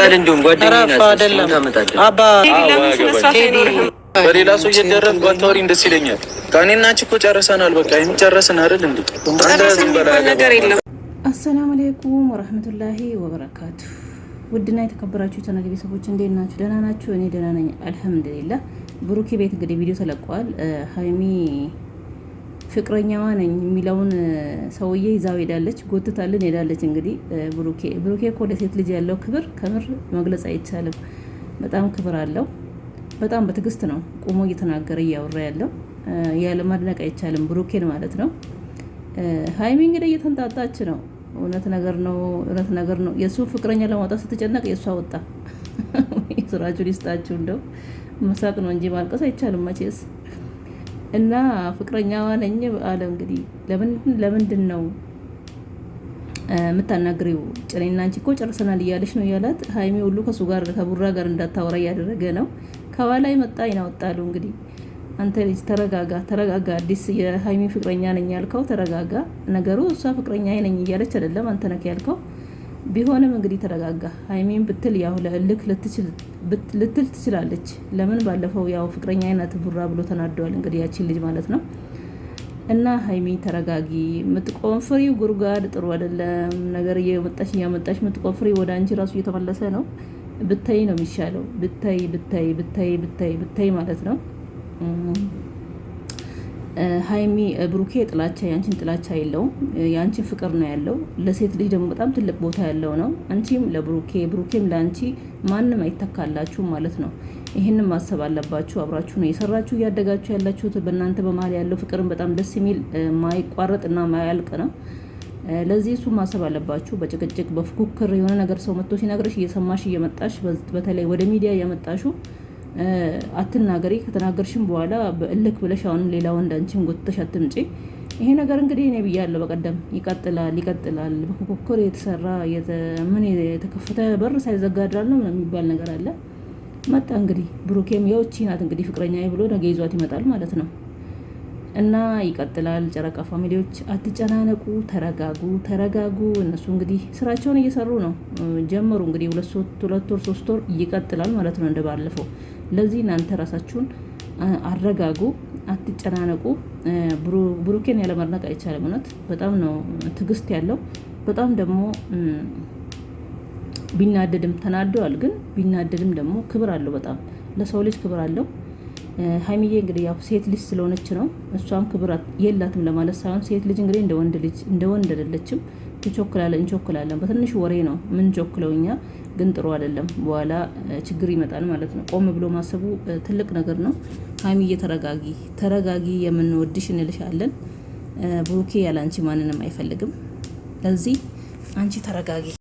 ቀል እንዲሁም ጓደኛ በሌላ ሰው እየደረስ ባታወሪ ደስ ይለኛል። ከእኔና አንቺ እኮ ጨርሰናል። በቃ የሚጨረስን አይደል እንዴ? አሰላሙ አለይኩም ወረህመቱላሂ ወበረካቱ። ውድና የተከበራችሁ ቻናል ቤተሰቦች እንዴት ናችሁ? ደህና ናችሁ? እኔ ደህና ነኝ አልሐምዱሊላህ። ብሩኪ ቤት እንግዲህ ቪዲዮ ተለቋል። ሀይሚ ፍቅረኛዋ ነኝ የሚለውን ሰውዬ ይዛው ሄዳለች፣ ጎትታልን ሄዳለች። እንግዲህ ብሩኬ ብሩኬ እኮ ለሴት ልጅ ያለው ክብር ከምር መግለጽ አይቻልም። በጣም ክብር አለው። በጣም በትዕግስት ነው ቁሞ እየተናገረ እያወራ ያለው ያለ ማድነቅ አይቻልም ብሩኬን ማለት ነው። ሀይሚ እንግዲህ እየተንጣጣች ነው። እውነት ነገር ነው፣ እውነት ነገር ነው። የእሱ ፍቅረኛ ለማውጣት ስትጨነቅ የእሱ አወጣ። ስራችሁ ሊስጣችሁ። እንደው መሳቅ ነው እንጂ ማልቀስ አይቻልም መቼስ። እና ፍቅረኛዋ ነኝ አለ። እንግዲህ ለምንድን ነው የምታናግሪው? ጭሬና አንቺ እኮ ጨርሰናል እያለች ነው እያላት፣ ሀይሚ ሁሉ ከሱ ጋር ከቡራ ጋር እንዳታወራ እያደረገ ነው። ከኋላ መጣ ይናወጣሉ። እንግዲህ አንተ ልጅ ተረጋጋ፣ ተረጋጋ። አዲስ የሀይሜ ፍቅረኛ ነኝ ያልከው ተረጋጋ። ነገሩ እሷ ፍቅረኛ ነኝ እያለች አይደለም አንተ ነክ ያልከው ቢሆንም እንግዲህ ተረጋጋ። ሀይሚን ብትል ያው ለእልክ ልትል ትችላለች። ለምን ባለፈው ያው ፍቅረኛ አይነት ቡራ ብሎ ተናደዋል። እንግዲህ ያችን ልጅ ማለት ነው። እና ሀይሚ ተረጋጊ። የምትቆፍሪው ጉርጓድ ጥሩ አይደለም ነገር እየመጣሽ እያመጣሽ የምትቆፍሪው ወደ አንቺ ራሱ እየተመለሰ ነው። ብታይ ነው የሚሻለው። ብታይ ብታይ ብታይ ብታይ ብታይ ማለት ነው። ሀይሚ ብሩኬ ጥላቻ የአንቺን ጥላቻ የለውም። የአንቺን ፍቅር ነው ያለው። ለሴት ልጅ ደግሞ በጣም ትልቅ ቦታ ያለው ነው። አንቺም ለብሩኬ ብሩኬም ለአንቺ ማንም አይተካላችሁ ማለት ነው። ይህንን ማሰብ አለባችሁ። አብራችሁ ነው የሰራችሁ እያደጋችሁ ያላችሁት። በእናንተ በመሀል ያለው ፍቅርን በጣም ደስ የሚል ማይቋረጥ እና ማያልቅ ነው። ለዚህ እሱ ማሰብ አለባችሁ። በጭቅጭቅ በፉክክር የሆነ ነገር ሰው መጥቶ ሲነግርሽ እየሰማሽ እየመጣሽ በተለይ ወደ ሚዲያ እየመጣሹ አትናገሪ፣ ከተናገርሽም በኋላ በእልክ ብለሽ አሁን ሌላ ወንድ አንቺን ጎትተሽ አትምጪ። ይሄ ነገር እንግዲህ እኔ ብያለሁ በቀደም፣ ይቀጥላል ይቀጥላል። በኮኮር የተሰራ ምን የተከፈተ በር ሳይዘጋ ድራል ነው የሚባል ነገር አለ። መጣ እንግዲህ ብሩኬም የውቺ ናት እንግዲህ ፍቅረኛ ብሎ ነገ ይዟት ይመጣል ማለት ነው። እና ይቀጥላል። ጨረቃ ፋሚሊዎች አትጨናነቁ፣ ተረጋጉ፣ ተረጋጉ። እነሱ እንግዲህ ስራቸውን እየሰሩ ነው። ጀመሩ እንግዲህ ሁለት ወር ሶስት ወር ይቀጥላል ማለት ነው እንደ ባለፈው። ለዚህ እናንተ ራሳችሁን አረጋጉ፣ አትጨናነቁ። ብሩኬን ያለመድነቅ አይቻልም። እውነት በጣም ነው ትዕግስት ያለው በጣም ደግሞ ቢናደድም ተናደዋል፣ ግን ቢናደድም ደግሞ ክብር አለው። በጣም ለሰው ልጅ ክብር አለው። ሀይሚዬ እንግዲህ ያው ሴት ልጅ ስለሆነች ነው እሷም ክብር የላትም ለማለት ሳይሆን ሴት ልጅ እንግዲህ እንደ ወንድ ልጅ እንደ ወንድ አይደለችም። ትቾክላለን እንቾክላለን። በትንሽ ወሬ ነው ምን ቾክለው እኛ ግን ጥሩ አይደለም። በኋላ ችግር ይመጣል ማለት ነው። ቆም ብሎ ማሰቡ ትልቅ ነገር ነው። ሀይሚዬ ተረጋጊ፣ ተረጋጊ፣ የምንወድሽ እንልሻለን። ብሩኬ ያለ አንቺ ማንንም አይፈልግም። ለዚህ አንቺ ተረጋጊ።